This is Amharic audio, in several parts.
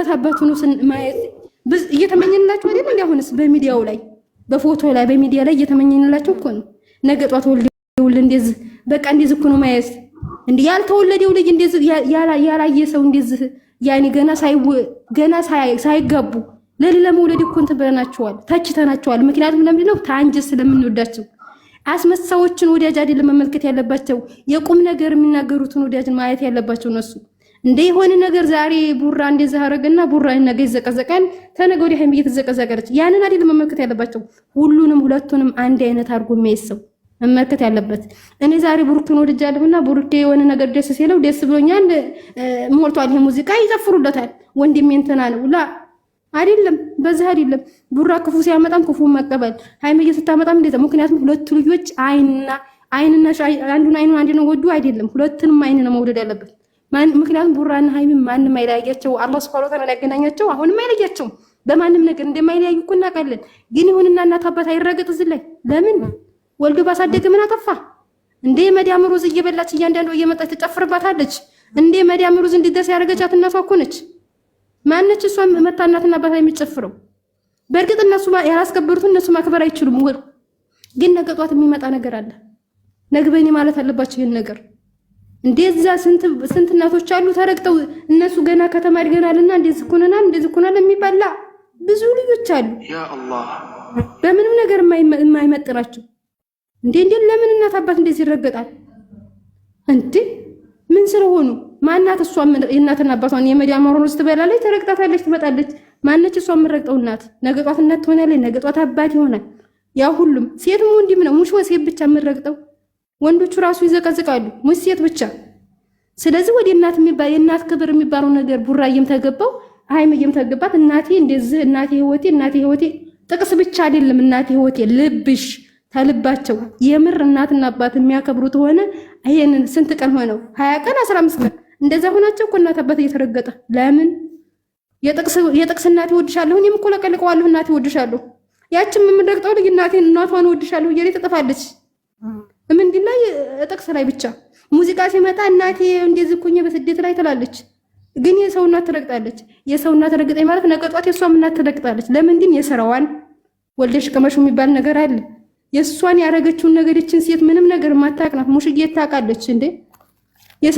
እናት አባቱን ማየት እየተመኘንላቸው አይደል? እንዲ አሁንስ በሚዲያው ላይ በፎቶ ላይ በሚዲያ ላይ እየተመኘንላቸው እኮ ነው። ነገ ጧት ወልደውል እንደዚህ በቃ እንደዚህ እኮ ነው ማየት። እንዲ ያልተወለደው ልጅ እንደዚህ ያላየ ሰው እንደዚህ ያኔ ገና ሳይው ገና ሳይገቡ ለሌላ መውለድ እኮ እንትን ብለናቸዋል፣ ተችተናቸዋል። ምክንያቱም ለምንድን ነው ታንጅ ስለምንወዳቸው አስመሳዎችን ወዳጅ አይደለም መመልከት ያለባቸው። የቁም ነገር የሚናገሩትን ወዳጅን ማየት ያለባቸው እነሱ እንደ የሆነ ነገር ዛሬ ቡራ እንደዛ አደረገና ቡራ ነገ ይዘቀዘቀን ተነገ ወዲያ ሀይሚዬ እየተዘቀዘቀች ያንን አይደል መመልከት ያለባቸው። ሁሉንም ሁለቱንም አንድ አይነት አድርጎ የሚያይ ሰው መመልከት ያለበት። እኔ ዛሬ ቡሩክን ወድጃለሁና ብሩኬ የሆነ ነገር ደስ ሲለው ደስ ብሎኛል ሞልቷል፣ ይሄ ሙዚቃ ይጨፍሩለታል፣ ወንድሜ እንትና ነው ላ አይደለም፣ በዚህ አይደለም። ቡራ ክፉ ሲያመጣም ክፉ መቀበል፣ ሀይሚዬ ስታመጣም እንደዛ። ምክንያቱም ሁለቱ ልጆች አይንና አይንና አንዱን አይኑን አንድ ነው ወዱ አይደለም፣ ሁለቱንም አይን ነው መውደድ ያለበት። ምክንያቱም ቡራና ሀይሚን ማንም አይለያያቸው፣ አላህ ስብሃነ ወተዓላ ያገናኛቸው። አሁንም አይለያቸው፣ በማንም ነገር እንደማይለያዩ እኮ እናውቃለን። ግን ይሁንና እናት አባት አይረገጥ እዚህ ላይ ለምን ወልዶ ባሳደገ ምን አጠፋ እንዴ? መዳም ሩዝ እየበላች እያንዳንዱ እየመጣች ትጨፍርባታለች እንዴ? መዳም ሩዝ እንዲደርስ ያደረገቻት እናቷ እኮ ነች። ማነች እሷ መታ እናትና አባት የሚጨፍረው? በእርግጥ እነሱ ያላስከበሩት እነሱ ማክበር አይችሉም። ግን ነገ ጧት የሚመጣ ነገር አለ። ነግበኔ ማለት አለባቸው ይህን ነገር እንደዛ ስንት ስንት እናቶች አሉ ተረግጠው እነሱ ገና ከተማ አድገናልና እንደዚህ ኩነናል እንደዚህ ኩነናል የሚባላ ብዙ ልጆች አሉ። በምንም ነገር የማይመጥናቸው እንዴ እንዴ! ለምን እናት አባት እንደዚህ ይረገጣል እንዴ? ምን ስለሆኑ ማናት? እሷ የእናትና አባቷን የመዳም ሆኖ ስትበላለች ተረግጣታለች፣ ትመጣለች። ማነች እሷ የምረግጠው እናት? ነገ ጧት እናት ትሆናለች፣ ነገ አባት ይሆናል። ያ ሁሉም ሴትም ወንድም ነው። ሙሽ ሴት ብቻ የምረግጠው ወንዶቹ ራሱ ይዘቀዝቃሉ፣ ሴት ብቻ። ስለዚህ ወደ እናት የሚባል የእናት ክብር የሚባለው ነገር ቡራ እየምተገባው አይም እየምተገባት እናቴ እንደዚህ እናቴ ህይወቴ እናቴ ህይወቴ ጥቅስ ብቻ አይደለም እናቴ ህይወቴ ልብሽ ተልባቸው የምር እናትና አባት የሚያከብሩት ሆነ። ይሄንን ስንት ቀን ሆነው ሀያ ቀን አስራ አምስት ቀን እንደዛ ሆናቸው እኮ እናት አባት እየተረገጠ ለምን የጥቅስ እናቴ ወድሻለሁ፣ እኔም እኮ ለቀልቀዋለሁ እናቴ ወድሻለሁ። ያችን የምንረግጠው ልጅ እናቴን እናቷን ወድሻለሁ እየሌ ትጠፋለች። ምንድን ላይ ጥቅስ ላይ ብቻ ሙዚቃ ሲመጣ እናቴ እንደዚህ እኮ እኛ በስደት ላይ ትላለች፣ ግን የሰው እናት ትረግጣለች። የሰው እናት ረግጠኝ ማለት ነገ ጧት የእሷም እናት ትረግጣለች። ግን የስራዋን ወልደሽ ቅመሹ የሚባል ነገር አለ። የእሷን ያረገችውን ነገር ይችን ሴት ምንም ነገር ማታቅናት ሙሽጌ ታውቃለች እንዴ?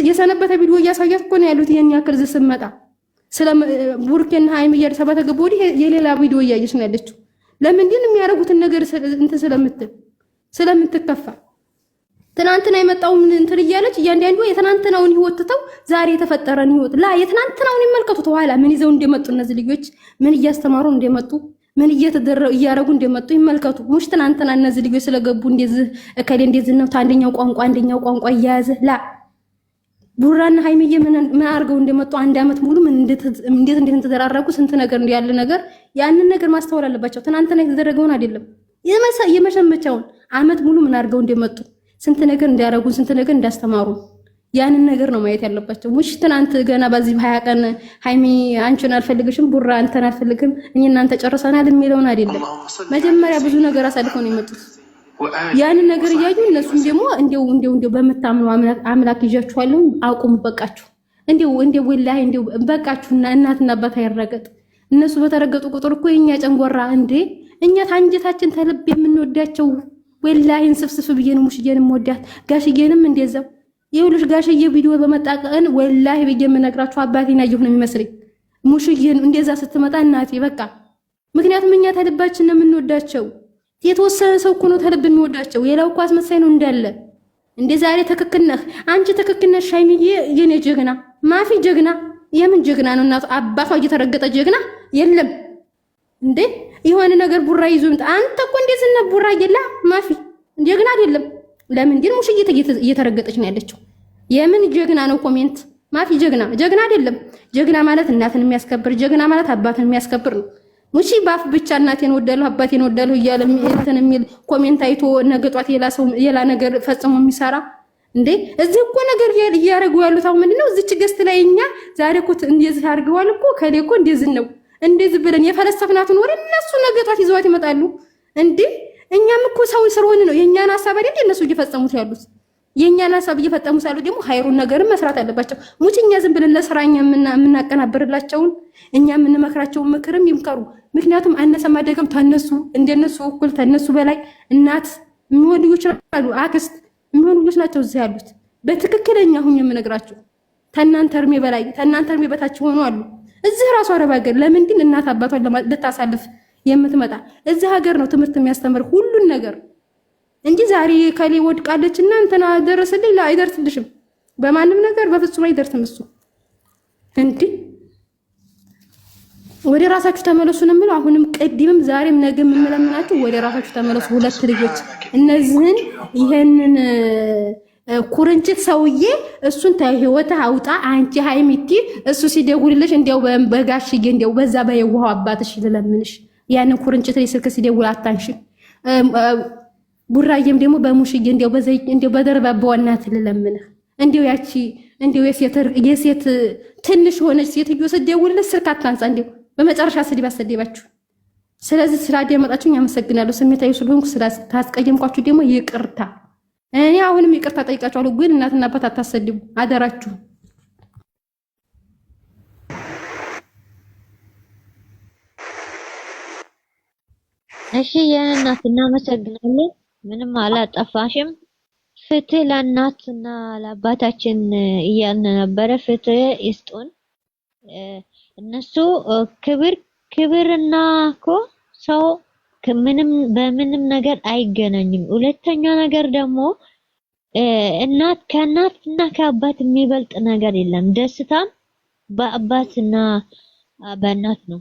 የሰነበተ ቪዲዮ እያሳያት እኮ ነው ያሉት። ይህን ያክል ዝ ስመጣ ስለ ቡርኬን ሀይም እያደረሰ ባተገባ ወዲህ የሌላ ቪዲዮ እያየች ነው ያለችው። ለምንድን የሚያደርጉትን ነገር እንትን ስለምትል ስለምትከፋ ትናንትና የመጣው ምን እንትን እያለች እያንዳንዱ የትናንትናውን ህይወት ትተው ዛሬ የተፈጠረን ህይወት ላ የትናንትናውን ይመልከቱት። ኋላ ምን ይዘው እንደመጡ እነዚህ ልጆች ምን እያስተማሩ እንደመጡ ምን እያረጉ እንደመጡ ይመልከቱ። ሙሽ ትናንትና እነዚህ ልጆች ስለገቡ እንደዚህ እከሌ እንደዚህ ነው አንደኛው ቋንቋ አንደኛው ቋንቋ እያያዘ ላ ቡራና ሀይሚዬ ምን አድርገው እንደመጡ አንድ ዓመት ሙሉ እንዴት እንዴት እንደተደራረጉ ስንት ነገር ያለ ነገር ያንን ነገር ማስተዋል አለባቸው። ትናንትና የተደረገውን አይደለም የመሸመቻውን ዓመት ሙሉ ምን አድርገው እንደመጡ ስንት ነገር እንዲያደርጉን ስንት ነገር እንዳስተማሩን ያንን ነገር ነው ማየት ያለባቸው። ሙሽ ትናንት ገና በዚህ ሀያ ቀን ሃይሚ አንቺን አልፈልግሽም፣ ቡራ አንተን አልፈልግም፣ እኔ እናንተ ጨርሰናል የሚለውን አይደለም። መጀመሪያ ብዙ ነገር አሳልፈው ነው የመጡት። ያንን ነገር እያዩ እነሱም ደግሞ እንደው እንደው እንደው በምታምኑ አምላክ ይዣችኋለሁ፣ አቁሙ፣ በቃችሁ፣ እንደው እንደው ወላሂ እንደው በቃችሁና እናትና አባት አይረገጥ። እነሱ በተረገጡ ቁጥር እኮ የኛ ጨንጎራ እንዴ እኛ ታንጀታችን ተልብ የምንወዳቸው ወላይን ስፍስፍ ብዬን ሙሽዬንም ወዳት ጋሽዬንም እንደዛው ይኸውልሽ ጋሽዬ ቪዲዮ በመጣቀን ወላይ ብዬ የምነግራችሁ አባቴን አየሁ ነው የሚመስለኝ። ሙሽዬን እንደዛ ስትመጣ እናቴ በቃ ምክንያቱም እኛ ተልባችን ነው የምንወዳቸው። የተወሰነ ሰው እኮ ነው ተልብ የሚወዳቸው። ሌላው እኮ አስመሳይ ነው እንዳለ እንደ ዛሬ ትክክል ነህ አንቺ ትክክል ነሽ ሻይሚዬ የኔ ጀግና ማፊ ጀግና የምን ጀግና ነው እናቱ አባቷ እየተረገጠ ጀግና የለም እንዴ የሆነ ነገር ቡራ ይዞ ይምጣ። አንተ እኮ እንዴት ነው ቡራ ይላ ማፊ ጀግና አይደለም። ለምን ግን ሙሽዬ እየተረገጠች ነው ያለችው? የምን ጀግና ነው? ኮሜንት ማፊ ጀግና ጀግና አይደለም። ጀግና ማለት እናትን የሚያስከብር ጀግና ማለት አባትን የሚያስከብር ነው። ሙሺ ባፍ ብቻ እናቴን ወዳለሁ አባቴን ወዳለሁ እያለ እንትን የሚል ኮሜንት አይቶ ነገ ጧት ሰው ሌላ ነገር ፈጽሞ የሚሰራ እንዴ እዚህ እኮ ነገር እያደረጉ ያሉት አሁን ምንድነው? እዚች ገስት ላይ እኛ ዛሬ እኮ እንደዚህ አድርገዋል እኮ ከሌ እኮ እንደዚህ ነው እንደዚህ ብለን የፈለሰፍናትን ወደ እነሱ ነገጧት ይዘዋት ይመጣሉ። እንዴ እኛም እኮ ሰው ስለሆነ ነው የእኛን ሀሳብ አይደል እነሱ እየፈጸሙት ያሉት። የእኛን ሀሳብ እየፈጠሙ ሳሉ ደግሞ ሀይሩን ነገርን መስራት አለባቸው። ሙች እኛ ዝም ብለን ለስራ እኛ የምናቀናብርላቸውን እኛ የምንመክራቸውን ምክርም ይምከሩ። ምክንያቱም አነሰ ማደገም ተነሱ እንደነሱ እኩል ተነሱ በላይ እናት የሚሆን ልጆች አሉ፣ አክስት የሚሆን ልጆች ናቸው እዚህ ያሉት። በትክክለኛ ሁኝ የምነግራቸው ተናንተ እርሜ በላይ ተናንተ እርሜ በታች ሆኑ አሉ። እዚህ ራሱ አረብ ሀገር ለምንድን እናት አባቷን ልታሳልፍ የምትመጣ? እዚህ ሀገር ነው ትምህርት የሚያስተምር ሁሉን ነገር እንጂ ዛሬ ከሌ ወድቃለች እና እንትና ደረስልኝ አይደርስልሽም። በማንም ነገር በፍጹም አይደርስም። እሱ እንዲህ ወደ ራሳችሁ ተመለሱ ነው የምለው። አሁንም ቅድምም ዛሬም ነገ የምለምናችሁ ወደ ራሳችሁ ተመለሱ። ሁለት ልጆች እነዚህን ይሄንን ኩርንችት ሰውዬ እሱን ተህይወትህ አውጣ። አንቺ ሀይሚቲ እሱ ሲደውልልሽ እንዲያው በጋሽዬ እንዲያው በዛ በየዋሃው አባትሽ ልለምንሽ ያንን ኩርንችት ስልክ ሲደውል አታንሽ። ቡራዬም ደግሞ በሙሽዬ እንዲያው በዘይ እንዲያው በደርባባው እናት ልለምንህ እንዲያው ያቺ እንዲያው የሴት ትንሽ ሆነች ሴትዮ ስደውልልሽ ስልክ አታንሳ። እንዲያው በመጨረሻ ስድብ አሰደባችሁ። ስለዚህ ስላዳመጣችሁኝ አመሰግናለሁ። ስሜታዊ ስለሆንኩ ስላስቀየምኳችሁ ደግሞ ይቅርታ። እኔ አሁንም ይቅርታ ጠይቃችኋለሁ፣ ግን እናትና አባት አታሰድቡ አደራችሁ። እሺ የኔ እናት እናመሰግናለን። ምንም አላጠፋሽም። ፍትህ ለእናትና ለአባታችን እያልን ነበረ። ፍትህ ይስጡን። እነሱ ክብር ክብርና እኮ ሰው ከምንም በምንም ነገር አይገናኝም። ሁለተኛ ነገር ደግሞ እናት ከእናት እና ከአባት የሚበልጥ ነገር የለም። ደስታም በአባትና በእናት ነው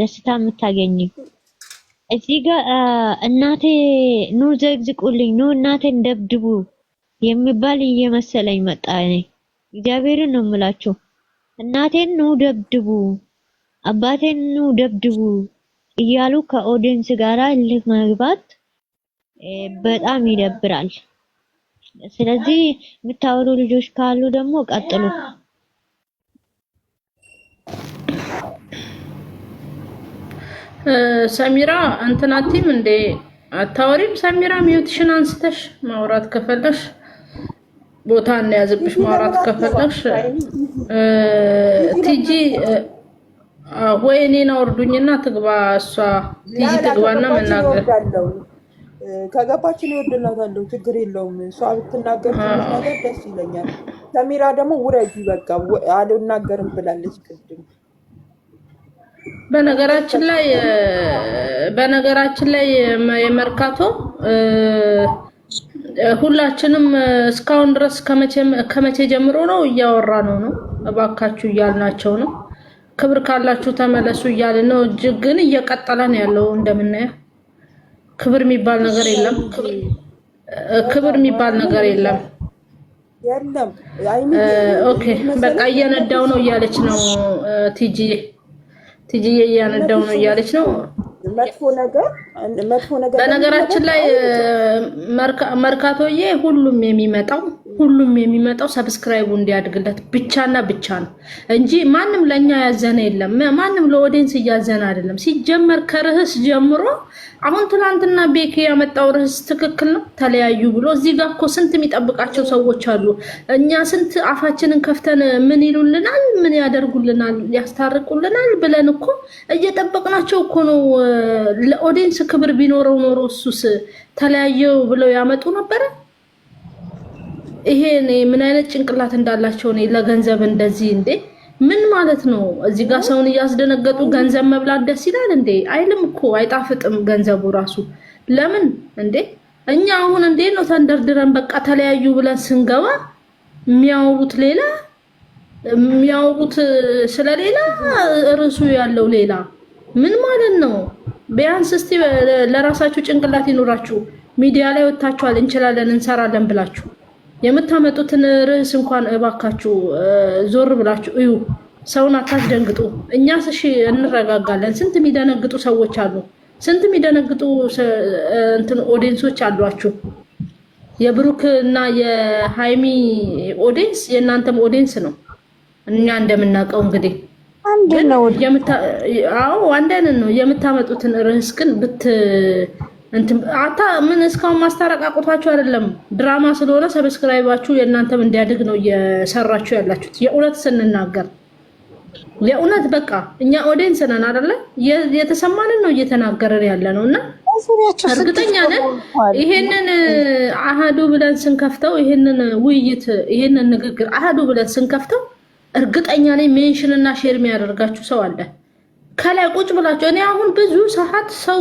ደስታ የምታገኝ። እዚህ ጋር እናቴ ኑ ዘግዝቁልኝ፣ ኑ እናቴን ደብድቡ የሚባል እየመሰለኝ መጣ። እኔ እግዚአብሔርን ነው የምላችሁ። እናቴን ኑ ደብድቡ፣ አባቴን ኑ ደብድቡ እያሉ ከኦዲየንስ ጋራ እልህ መግባት በጣም ይደብራል። ስለዚህ የምታወሩ ልጆች ካሉ ደግሞ ቀጥሉ። ሰሚራ እንትናቲም እንዴ አታወሪም? ሰሚራ ሚውትሽን አንስተሽ ማውራት ከፈለሽ ቦታ እናያዝብሽ። ማውራት ከፈለሽ ቲጂ ወይ እኔን አውርዱኝና ትግባ እሷ ትይ ትግባና መናገር ከገባችን እወድላታለሁ። ችግር የለውም። እሷ ብትናገር ነገር ደስ ይለኛል። ሰሚራ ደግሞ ውረጅ፣ በቃ አልናገርም ብላለች ቅድም። በነገራችን ላይ በነገራችን ላይ የመርካቶ ሁላችንም እስካሁን ድረስ ከመቼ ጀምሮ ነው እያወራ ነው ነው እባካችሁ እያልናቸው ነው ክብር ካላችሁ ተመለሱ እያለ ነው። እጅግ ግን እየቀጠለ ነው ያለው። እንደምናየው ክብር የሚባል ነገር የለም። ክብር የሚባል ነገር የለም። ኦኬ በቃ እየነዳው ነው እያለች ነው ቲጂዬ። ቲጂዬ እያነዳው ነው እያለች ነው። በነገራችን ላይ መርካቶዬ ሁሉም የሚመጣው ሁሉም የሚመጣው ሰብስክራይቡ እንዲያድግለት ብቻና ብቻ ነው እንጂ ማንም ለእኛ ያዘነ የለም። ማንም ለኦዲንስ እያዘነ አይደለም። ሲጀመር ከርዕስ ጀምሮ አሁን ትናንትና ቤክ ያመጣው ርዕስ ትክክል ነው፣ ተለያዩ ብሎ እዚህ ጋር እኮ ስንት የሚጠብቃቸው ሰዎች አሉ። እኛ ስንት አፋችንን ከፍተን ምን ይሉልናል፣ ምን ያደርጉልናል፣ ያስታርቁልናል ብለን እኮ እየጠበቅናቸው እኮ ነው። ለኦዲንስ ክብር ቢኖረው ኖሮ እሱስ ተለያየው ብለው ያመጡ ነበረ። ይሄ ምን አይነት ጭንቅላት እንዳላቸው እኔ ለገንዘብ እንደዚህ እንዴ ምን ማለት ነው? እዚህ ጋር ሰውን እያስደነገጡ ገንዘብ መብላት ደስ ይላል እንዴ? አይልም እኮ አይጣፍጥም። ገንዘቡ ራሱ ለምን እንዴ እኛ አሁን እንዴ ነው ተንደርድረን በቃ ተለያዩ ብለን ስንገባ የሚያወሩት ሌላ የሚያወሩት ስለሌላ ርዕሱ ያለው ሌላ ምን ማለት ነው? ቢያንስ እስቲ ለራሳችሁ ጭንቅላት ይኑራችሁ። ሚዲያ ላይ ወጥታችኋል፣ እንችላለን፣ እንሰራለን ብላችሁ የምታመጡትን ርዕስ እንኳን እባካችሁ ዞር ብላችሁ እዩ። ሰውን አታስደንግጡ። እኛስ እሺ እንረጋጋለን። ስንት የሚደነግጡ ሰዎች አሉ። ስንት የሚደነግጡ እንትን አሏችሁ። የብሩክ እና የሃይሚ ኦዲንስ የእናንተም ኦዲንስ ነው። እኛ እንደምናውቀው እንግዲህ አንድ ነው። አዎ አንድ አይነት ነው። የምታመጡትን ርዕስ ግን ብት አታ ምን እስካሁን ማስታረቅ አቅቷችሁ አይደለም። ድራማ ስለሆነ ሰብስክራይባችሁ የእናንተም እንዲያድግ ነው እየሰራችሁ ያላችሁት። የእውነት ስንናገር የእውነት በቃ እኛ ኦዴንስ ነን አይደለ? የተሰማንን ነው እየተናገረን ያለ ነው እና እርግጠኛ ነን ይሄንን አህዱ ብለን ስንከፍተው ይሄንን ውይይት ይሄንን ንግግር አህዱ ብለን ስንከፍተው እርግጠኛ ነኝ ሜንሽን እና ሼር የሚያደርጋችሁ ሰው አለ። ከላይ ቁጭ ብላቸው። እኔ አሁን ብዙ ሰዓት ሰው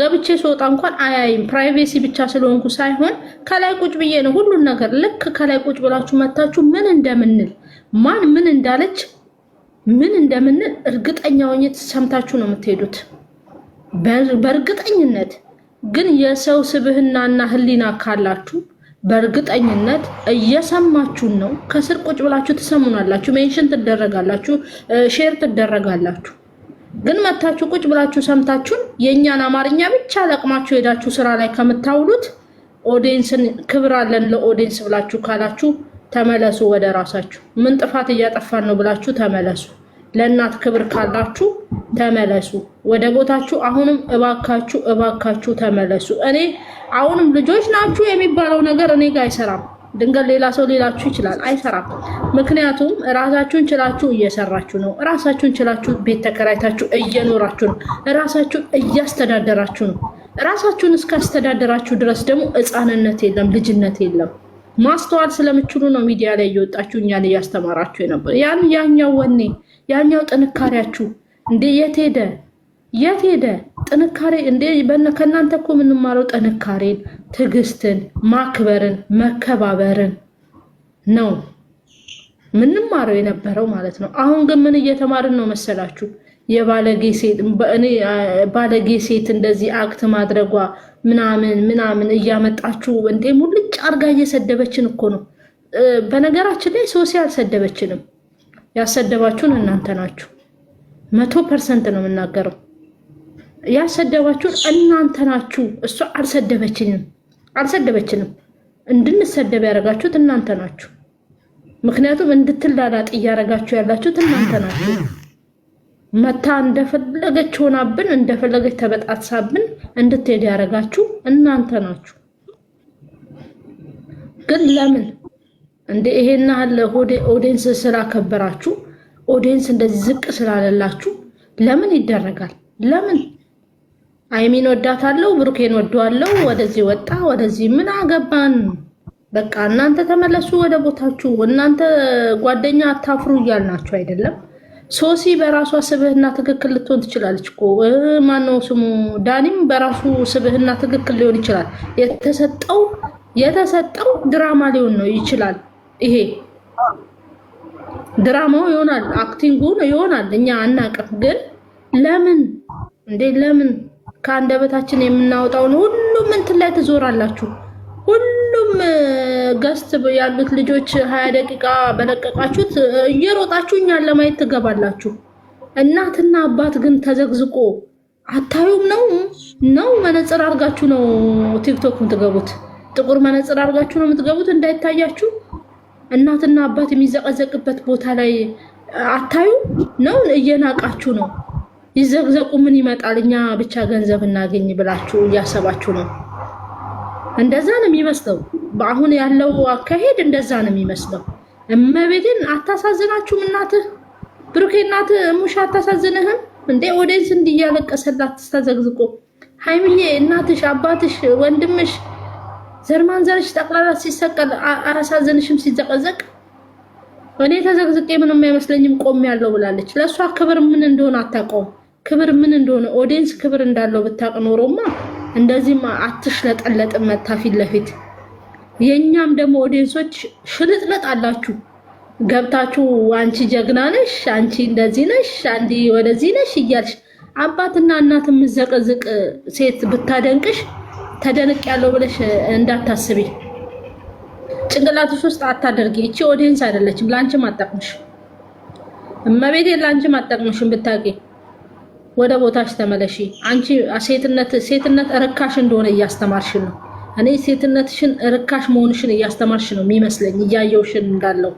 ገብቼ ስወጣ እንኳን አያይም፣ ፕራይቬሲ ብቻ ስለሆንኩ ሳይሆን ከላይ ቁጭ ብዬ ነው ሁሉን ነገር። ልክ ከላይ ቁጭ ብላችሁ መታችሁ ምን እንደምንል ማን ምን እንዳለች ምን እንደምንል እርግጠኛ ሆኜ ሰምታችሁ ነው የምትሄዱት በእርግጠኝነት። ግን የሰው ስብህናና ህሊና ካላችሁ በእርግጠኝነት እየሰማችሁን ነው። ከስር ቁጭ ብላችሁ ትሰሙናላችሁ፣ ሜንሽን ትደረጋላችሁ፣ ሼር ትደረጋላችሁ። ግን መታችሁ ቁጭ ብላችሁ ሰምታችሁን የእኛን አማርኛ ብቻ ለቅማችሁ ሄዳችሁ ስራ ላይ ከምታውሉት ኦዲየንስን ክብር አለን ለኦዲንስ ብላችሁ ካላችሁ ተመለሱ ወደ ራሳችሁ። ምን ጥፋት እያጠፋን ነው ብላችሁ ተመለሱ። ለእናት ክብር ካላችሁ ተመለሱ ወደ ቦታችሁ። አሁንም እባካችሁ እባካችሁ ተመለሱ። እኔ አሁንም ልጆች ናችሁ የሚባለው ነገር እኔ ጋር አይሰራም። ድንገት ሌላ ሰው ሌላችሁ ይችላል፣ አይሰራም። ምክንያቱም ራሳችሁን ችላችሁ እየሰራችሁ ነው። ራሳችሁን ችላችሁ ቤት ተከራይታችሁ እየኖራችሁ ነው። ራሳችሁን እያስተዳደራችሁ ነው። ራሳችሁን እስካስተዳደራችሁ ድረስ ደግሞ ህፃንነት የለም፣ ልጅነት የለም። ማስተዋል ስለምችሉ ነው ሚዲያ ላይ እየወጣችሁ እኛን እያስተማራችሁ የነበረ ያን ያኛው ወኔ ያኛው ጥንካሬያችሁ እንዴ የት ሄደ? የት ሄደ? ጥንካሬ እንዴ ከእናንተ እኮ የምንማረው ጥንካሬን፣ ትዕግስትን፣ ማክበርን፣ መከባበርን ነው። ምንማረው የነበረው ማለት ነው። አሁን ግን ምን እየተማርን ነው መሰላችሁ? ባለጌ ሴት እንደዚህ አክት ማድረጓ ምናምን ምናምን እያመጣችሁ እንዴ ሙልጭ አርጋ እየሰደበችን እኮ ነው። በነገራችን ላይ ሶሲ አልሰደበችንም። ያሰደባችሁን እናንተ ናችሁ። መቶ ፐርሰንት ነው የምናገረው። ያሰደባችሁን እናንተ ናችሁ። እሷ አልሰደበችንም፣ አልሰደበችንም። እንድንሰደብ ያደረጋችሁት እናንተ ናችሁ። ምክንያቱም እንድትላላጥ እያደረጋችሁ ያላችሁት እናንተ ናችሁ። መታ እንደፈለገች ሆናብን እንደፈለገች ተበጣትሳብን እንድትሄድ ያደረጋችሁ እናንተ ናችሁ። ግን ለምን እንደ ይሄን ያህል ኦዲየንስ ስላከበራችሁ፣ ኦዲንስ እንደዚህ ዝቅ ስላለላችሁ ለምን ይደረጋል? ለምን አይሚን ወዳታለው ብሩኬን ወደዋለው ወደዚህ ወጣ ወደዚህ ምን አገባን? በቃ እናንተ ተመለሱ ወደ ቦታችሁ፣ እናንተ ጓደኛ አታፍሩ እያልናችሁ አይደለም። ሶሲ በራሷ ስብህና ትክክል ልትሆን ትችላለች እኮ ማነው ስሙ ዳኒም በራሱ ስብህና ትክክል ሊሆን ይችላል። የተሰጠው የተሰጠው ድራማ ሊሆን ነው ይችላል። ይሄ ድራማው ይሆናል፣ አክቲንጉ ይሆናል። እኛ አናቅም። ግን ለምን እንዴ ለምን ከአንደበታችን የምናወጣውን ሁሉም እንትን ላይ ትዞራላችሁ ሁሉ ገስት ያሉት ልጆች ሀያ ደቂቃ በለቀቃችሁት እየሮጣችሁ እኛን ለማየት ትገባላችሁ። እናትና አባት ግን ተዘግዝቆ አታዩም ነው ነው መነፅር አድርጋችሁ ነው ቲክቶክ የምትገቡት? ጥቁር መነፅር አድርጋችሁ ነው የምትገቡት እንዳይታያችሁ። እናትና አባት የሚዘቀዘቅበት ቦታ ላይ አታዩ ነው እየናቃችሁ ነው። ይዘግዘቁ ምን ይመጣል፣ እኛ ብቻ ገንዘብ እናገኝ ብላችሁ እያሰባችሁ ነው። እንደዛ ነው የሚመስለው። በአሁን ያለው አካሄድ እንደዛ ነው የሚመስለው። እመቤቴን አታሳዝናችሁም? እናትህ ብሩኬ፣ እናትህ ሙሻ አታሳዝንህም እንዴ? ኦዴንስ እንዲያለቀሰላት ተዘግዝቆ ሃይምዬ፣ እናትሽ፣ አባትሽ፣ ወንድምሽ፣ ዘርማን ዘርሽ ጠቅላላ ሲሰቀል አያሳዝንሽም? ሲዘቀዘቅ እኔ ተዘግዝቄ ምንም አይመስለኝም ቆም ያለው ብላለች። ለእሷ ክብር ምን እንደሆነ አታውቀውም። ክብር ምን እንደሆነ ኦዲንስ ክብር እንዳለው ብታውቅ ኖሮማ እንደዚህም አትሽለጠለጥ መታ ፊት ለፊት የእኛም ደግሞ ኦዲየንሶች ሽልጥለጥ አላችሁ ገብታችሁ አንቺ ጀግና ነሽ፣ አንቺ እንደዚህ ነሽ፣ አንዲ ወደዚህ ነሽ እያልሽ አባትና እናት የምዘቀዝቅ ሴት ብታደንቅሽ ተደንቅ ያለው ብለሽ እንዳታስቢ፣ ጭንቅላትሽ ውስጥ አታደርጊ። እቺ ኦዲየንስ አይደለችም፣ ለአንቺም አጠቅምሽ እመቤቴ፣ ለአንቺም አጠቅምሽም ብታውቂ ወደ ቦታሽ ተመለሺ። አንቺ ሴትነት ሴትነት እርካሽ እንደሆነ እያስተማርሽ ነው። እኔ ሴትነትሽን እርካሽ መሆንሽን እያስተማርሽ ነው የሚመስለኝ፣ እያየውሽን እንዳለው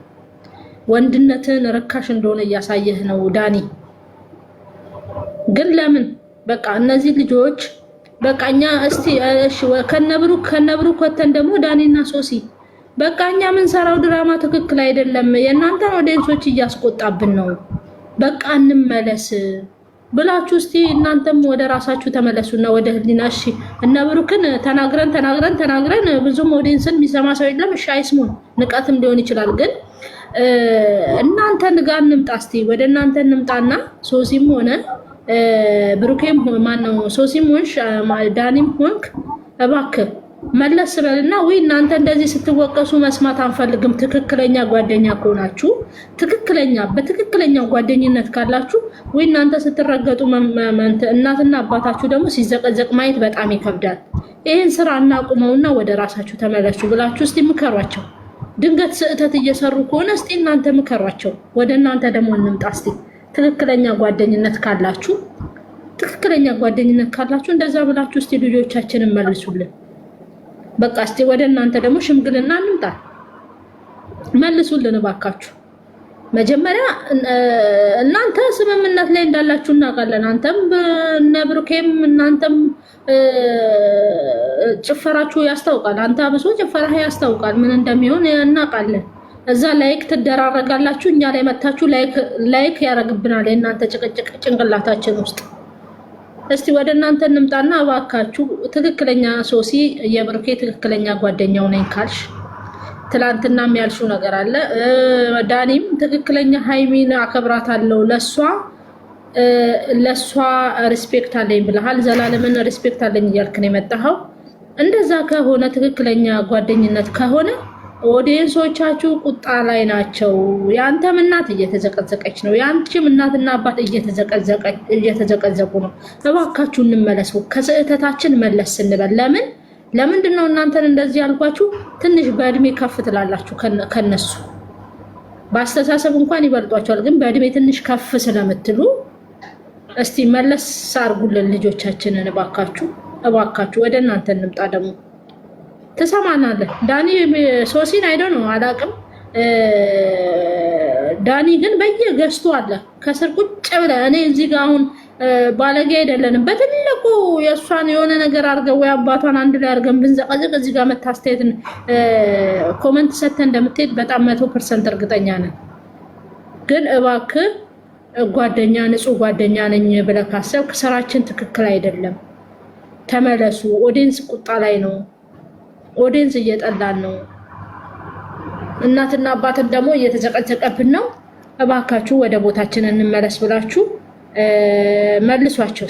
ወንድነትን እርካሽ እንደሆነ እያሳየህ ነው ዳኒ። ግን ለምን በቃ እነዚህ ልጆች በቃ እኛ እስቲ እሺ ከነብሩ ከነብሩ ኮተን ደግሞ ዳኒና ሶሲ በቃ እኛ ሰራው ድራማ ትክክል አይደለም፣ የእናንተን ኦዲየንሶች እያስቆጣብን ነው። በቃ እንመለስ። ብላችሁ እስቲ እናንተም ወደ ራሳችሁ ተመለሱና ወደ ህሊና። እሺ እነ ብሩክን ተናግረን ተናግረን ተናግረን ብዙም ኦዲየንስን የሚሰማ ሰው የለም። እሺ አይስሙን፣ ንቀትም ሊሆን ይችላል። ግን እናንተን ጋር እንምጣ እስቲ ወደ እናንተ እንምጣና ሶሲም ሆነ ብሩኬም ማነው ሶሲም ሆንሽ ዳኒም ሆንክ እባክህ መለስ ስበልና ወይ እናንተ እንደዚህ ስትወቀሱ መስማት አንፈልግም። ትክክለኛ ጓደኛ ከሆናችሁ ትክክለኛ በትክክለኛው ጓደኝነት ካላችሁ ወይ እናንተ ስትረገጡ እናትና አባታችሁ ደግሞ ሲዘቀዘቅ ማየት በጣም ይከብዳል። ይህን ስራ እናቁመውና ወደ ራሳችሁ ተመለሱ ብላችሁ እስቲ ምከሯቸው። ድንገት ስህተት እየሰሩ ከሆነ እስቲ እናንተ ምከሯቸው። ወደ እናንተ ደግሞ እንምጣ እስቲ ትክክለኛ ጓደኝነት ካላችሁ ትክክለኛ ጓደኝነት ካላችሁ እንደዛ ብላችሁ እስቲ ልጆቻችንን መልሱልን። በቃ እስቲ ወደ እናንተ ደግሞ ሽምግልና እንምጣ፣ መልሱልን እባካችሁ። መጀመሪያ እናንተ ስምምነት ላይ እንዳላችሁ እናውቃለን። አንተም እነ ብሩኬም እናንተም ጭፈራችሁ ያስታውቃል። አንተ አብሶ ጭፈራ ያስታውቃል፣ ምን እንደሚሆን እናውቃለን። እዛ ላይክ ትደራረጋላችሁ፣ እኛ ላይ መታችሁ ላይክ ያደርግብናል የእናንተ ጭቅጭቅ ጭንቅላታችን ውስጥ እስቲ ወደ እናንተ እንምጣና እባካችሁ ትክክለኛ ሶሲ የብሩኬ ትክክለኛ ጓደኛው ነኝ ካልሽ ትላንትና የሚያልሹ ነገር አለ። ዳኒም ትክክለኛ ሀይሚን አከብራታለሁ ለእሷ ለእሷ ሪስፔክት አለኝ ብለሃል። ዘላለምን ሪስፔክት አለኝ እያልክን የመጣኸው። እንደዛ ከሆነ ትክክለኛ ጓደኝነት ከሆነ ኦዲየንሶቻችሁ ቁጣ ላይ ናቸው። የአንተም እናት እየተዘቀዘቀች ነው። የአንቺም እናትና አባት እየተዘቀዘቁ ነው። እባካችሁ እንመለሰው ከስህተታችን መለስ ስንበል። ለምን ለምንድን ነው እናንተን እንደዚህ ያልኳችሁ? ትንሽ በእድሜ ከፍ ትላላችሁ ከነሱ በአስተሳሰብ እንኳን ይበልጧቸዋል፣ ግን በእድሜ ትንሽ ከፍ ስለምትሉ እስቲ መለስ አድርጉልን ልጆቻችንን። እባካችሁ እባካችሁ፣ ወደ እናንተ እንምጣ ደግሞ ትሰማናለህ። ዳኒ ሶሲን አይደ ነው አላውቅም። ዳኒ ግን በየገስቱ አለ ከስር ቁጭ ብለ እኔ እዚህ ጋር አሁን ባለጌ አይደለንም። በትልቁ የእሷን የሆነ ነገር አድርገን ወይ አባቷን አንድ ላይ አድርገን ብንዘቀዝቅ እዚህ ጋር መታስተያየት ኮመንት ሰተ እንደምትሄድ በጣም መቶ ፐርሰንት እርግጠኛ ነን። ግን እባክህ ጓደኛ ንጹህ ጓደኛ ነኝ ብለህ ካሰብክ ስራችን ትክክል አይደለም፣ ተመለሱ። ኦዲየንስ ቁጣ ላይ ነው። ኦዲንስ እየጠላን ነው። እናትና አባትን ደግሞ እየተጨቀጨቀብን ነው። እባካችሁ ወደ ቦታችን እንመለስ ብላችሁ መልሷቸው።